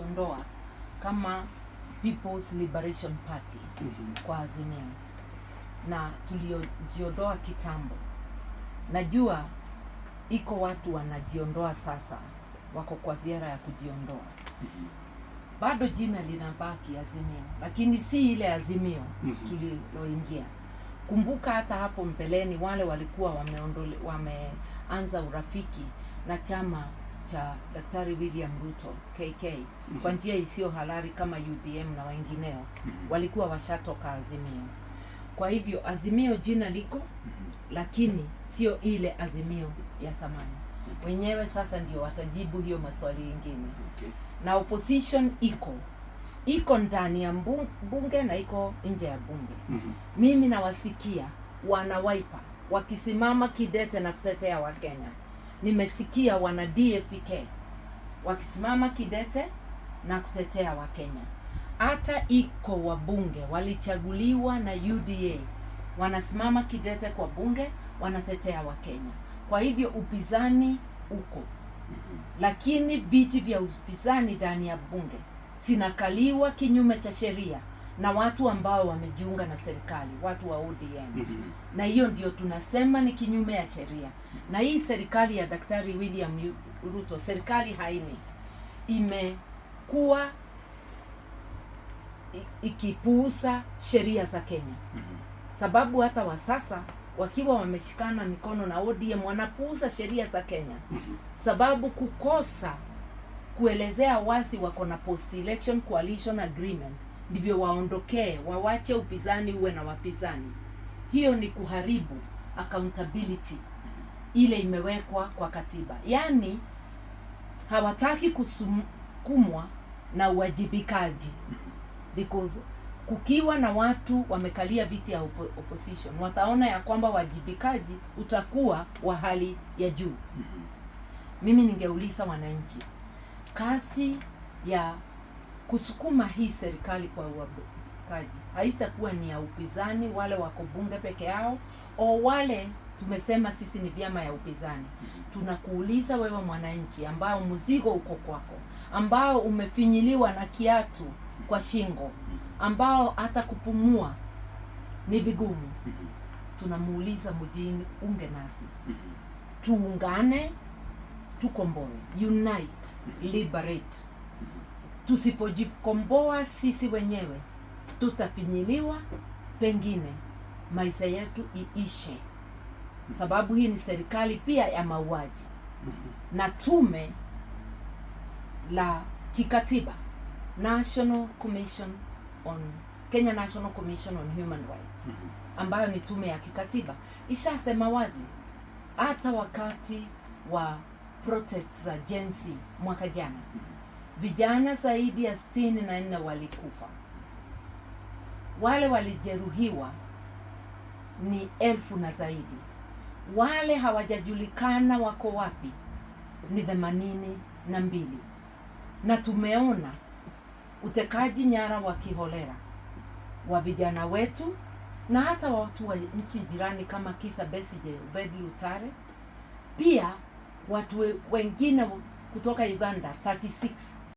Ondoa kama People's Liberation Party mm -hmm. kwa Azimio na tuliojiondoa kitambo. Najua iko watu wanajiondoa sasa, wako kwa ziara ya kujiondoa mm -hmm. bado jina linabaki Azimio, lakini si ile Azimio mm -hmm. tuliloingia. Kumbuka hata hapo mbeleni wale walikuwa wameanza wame urafiki na chama cha Daktari William Ruto KK mm -hmm. kwa mhm. njia isiyo halali kama UDM na wengineo mm -hmm. walikuwa washatoka Azimio. Kwa hivyo Azimio jina liko mm -hmm. lakini sio ile Azimio ya zamani wenyewe sasa ndio watajibu hiyo maswali yengine okay. na opposition iko iko ndani ya bunge na iko nje ya bunge mm -hmm. mimi nawasikia wanawaipa wakisimama kidete na kutetea Wakenya nimesikia wana DAPK wakisimama kidete na kutetea Wakenya. Hata iko wabunge walichaguliwa na UDA wanasimama kidete kwa bunge, wanatetea Wakenya. Kwa hivyo upinzani uko, lakini viti vya upinzani ndani ya bunge zinakaliwa kinyume cha sheria na watu ambao wamejiunga na serikali, watu wa ODM mm -hmm. na hiyo ndio tunasema ni kinyume ya sheria, na hii serikali ya Daktari William Ruto, serikali haini, imekuwa ikipuuza sheria za Kenya mm -hmm. sababu hata wa sasa wakiwa wameshikana mikono na ODM wanapuuza sheria za Kenya mm -hmm. sababu kukosa kuelezea wazi wako na post election coalition agreement ndivyo waondokee, wawache upinzani uwe na wapinzani. Hiyo ni kuharibu accountability ile imewekwa kwa katiba, yaani hawataki kusukumwa na uwajibikaji because kukiwa na watu wamekalia viti ya opposition wataona ya kwamba wajibikaji utakuwa wa hali ya juu. Mm-hmm. Mimi ningeuliza wananchi, kasi ya kusukuma hii serikali kwa uwajibikaji. Haitakuwa ni ya upinzani wale wako bunge peke yao o wale tumesema sisi ni vyama ya upinzani. Tunakuuliza wewe mwananchi, ambao mzigo uko kwako, ambao umefinyiliwa na kiatu kwa shingo, ambao hata kupumua ni vigumu, tunamuuliza mjini, unge nasi, tuungane, tukomboe, unite liberate Tusipojikomboa sisi wenyewe, tutafinyiliwa, pengine maisha yetu iishe. Sababu hii ni serikali pia ya mauaji mhm. na tume la kikatiba National Commission on Kenya National Commission on Human Rights mhm. ambayo ni tume ya kikatiba ishasema wazi, hata wakati wa protest za jensi mwaka jana mhm. Vijana zaidi ya sitini na nne walikufa. Wale walijeruhiwa ni elfu na zaidi. Wale hawajajulikana wako wapi ni themanini na mbili, na tumeona utekaji nyara wa kiholera wa vijana wetu na hata watu wa nchi jirani kama kisa Besije, Obed Lutale, pia watu wengine kutoka Uganda 36